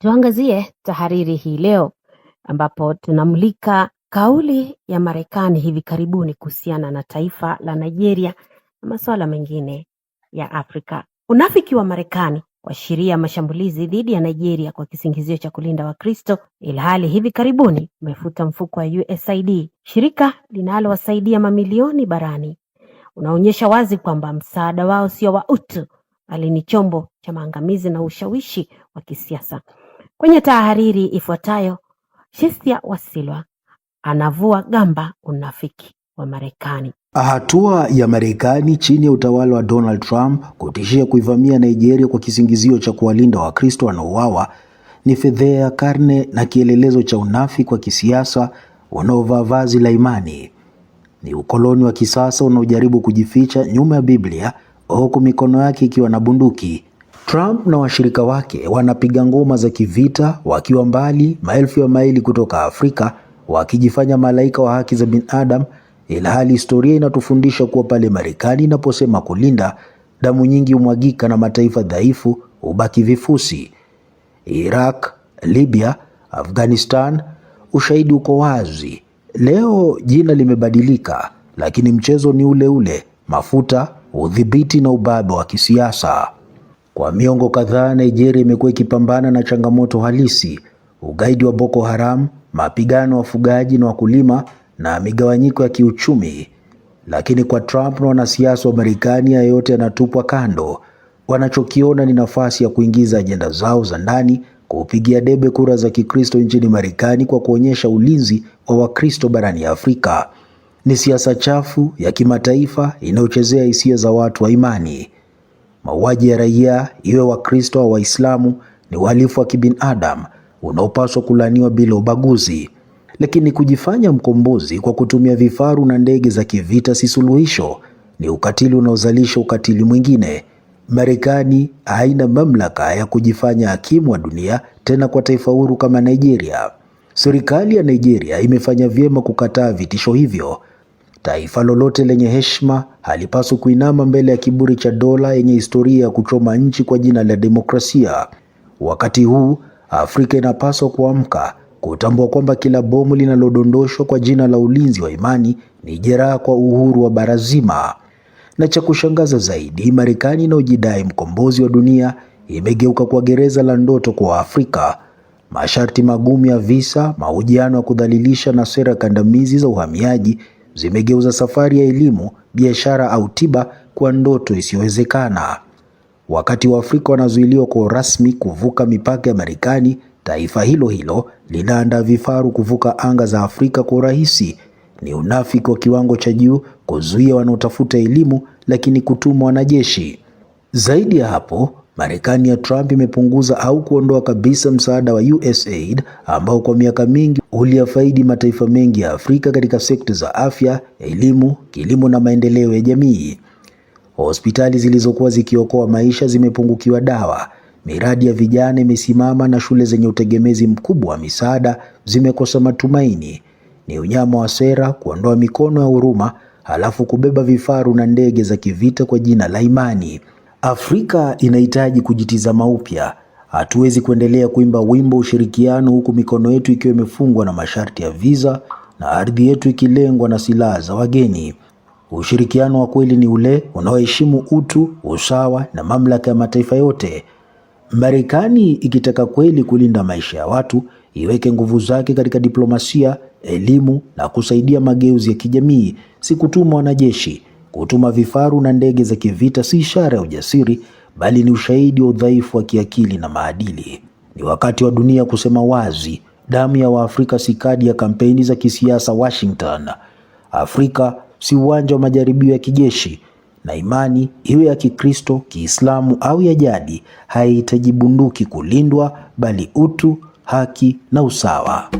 Tuangazie tahariri hii leo ambapo tunamulika kauli ya Marekani hivi karibuni kuhusiana na taifa la Nigeria na masuala mengine ya Afrika. Unafiki wa Marekani kuashiria mashambulizi dhidi ya Nigeria kwa kisingizio cha kulinda Wakristo, ilhali hivi karibuni umefuta mfuko wa USAID, shirika linalowasaidia mamilioni barani. Unaonyesha wazi kwamba msaada wao sio wa utu, bali ni chombo cha maangamizi na ushawishi wa kisiasa. Kwenye tahariri ifuatayo Shisia Wasilwa anavua gamba unafiki wa Marekani. Hatua ya Marekani chini ya utawala wa Donald Trump kutishia kuivamia Nigeria kwa kisingizio cha kuwalinda Wakristo wanaouawa ni fedheha ya karne na kielelezo cha unafiki wa kisiasa unaovaa vazi la imani. Ni ukoloni wa kisasa unaojaribu kujificha nyuma ya Biblia huku mikono yake ikiwa na bunduki Trump na washirika wake wanapiga ngoma za kivita wakiwa mbali maelfu ya maili kutoka Afrika, wakijifanya malaika wa haki za binadamu, hali historia inatufundisha kuwa pale Marekani inaposema kulinda, damu nyingi humwagika na mataifa dhaifu hubaki vifusi. Iraq, Libya, Afghanistan, ushahidi uko wazi. Leo jina limebadilika, lakini mchezo ni ule ule: mafuta, udhibiti na ubabe wa kisiasa. Kwa miongo kadhaa, Nigeria imekuwa ikipambana na changamoto halisi: ugaidi wa Boko Haram, mapigano ya wafugaji na wakulima na migawanyiko ya kiuchumi. Lakini kwa Trump na wanasiasa wa Marekani, haya yote yanatupwa kando. Wanachokiona ni nafasi ya kuingiza ajenda zao za ndani, kupigia debe kura za Kikristo nchini Marekani kwa kuonyesha ulinzi wa Wakristo barani Afrika. Ni siasa chafu ya kimataifa inayochezea hisia za watu wa imani. Mauaji ya raia, iwe Wakristo au Waislamu, ni uhalifu wa kibinadamu unaopaswa kulaniwa bila ubaguzi. Lakini kujifanya mkombozi kwa kutumia vifaru na ndege za kivita si suluhisho, ni ukatili unaozalisha ukatili mwingine. Marekani haina mamlaka ya kujifanya hakimu wa dunia, tena kwa taifa huru kama Nigeria. Serikali ya Nigeria imefanya vyema kukataa vitisho hivyo, Taifa lolote lenye heshima halipaswi kuinama mbele ya kiburi cha dola yenye historia ya kuchoma nchi kwa jina la demokrasia. Wakati huu Afrika inapaswa kuamka, kutambua kwamba kila bomu linalodondoshwa kwa jina la ulinzi wa imani ni jeraha kwa uhuru wa bara zima. Na cha kushangaza zaidi, Marekani inayojidai mkombozi wa dunia imegeuka kwa gereza la ndoto kwa Afrika. Masharti magumu ya visa, mahojiano ya kudhalilisha na sera kandamizi za uhamiaji zimegeuza safari ya elimu, biashara au tiba kwa ndoto isiyowezekana. Wakati Waafrika wanazuiliwa kwa rasmi kuvuka mipaka ya Marekani, taifa hilo hilo linaandaa vifaru kuvuka anga za Afrika kwa urahisi. Ni unafiki wa kiwango cha juu kuzuia wanaotafuta elimu, lakini kutumwa wanajeshi. Zaidi ya hapo, Marekani ya Trump imepunguza au kuondoa kabisa msaada wa USAID ambao kwa miaka mingi uliyafaidi mataifa mengi ya Afrika katika sekta za afya, elimu, kilimo na maendeleo ya jamii. Hospitali zilizokuwa zikiokoa maisha zimepungukiwa dawa, miradi ya vijana imesimama na shule zenye utegemezi mkubwa wa misaada zimekosa matumaini. Ni unyama wa sera kuondoa mikono ya huruma halafu kubeba vifaru na ndege za kivita kwa jina la imani. Afrika inahitaji kujitizama upya. Hatuwezi kuendelea kuimba wimbo ushirikiano huku mikono yetu ikiwa imefungwa na masharti ya visa na ardhi yetu ikilengwa na silaha za wageni. Ushirikiano wa kweli ni ule unaoheshimu utu, usawa na mamlaka ya mataifa yote. Marekani ikitaka kweli kulinda maisha ya watu, iweke nguvu zake katika diplomasia, elimu na kusaidia mageuzi ya kijamii, si kutuma wanajeshi. Kutuma vifaru na ndege za kivita si ishara ya ujasiri, bali ni ushahidi wa udhaifu wa kiakili na maadili. Ni wakati wa dunia kusema wazi, damu ya Waafrika si kadi ya kampeni za kisiasa Washington. Afrika si uwanja wa majaribio ya kijeshi, na imani iwe ya Kikristo, Kiislamu au ya jadi haihitaji bunduki kulindwa, bali utu, haki na usawa.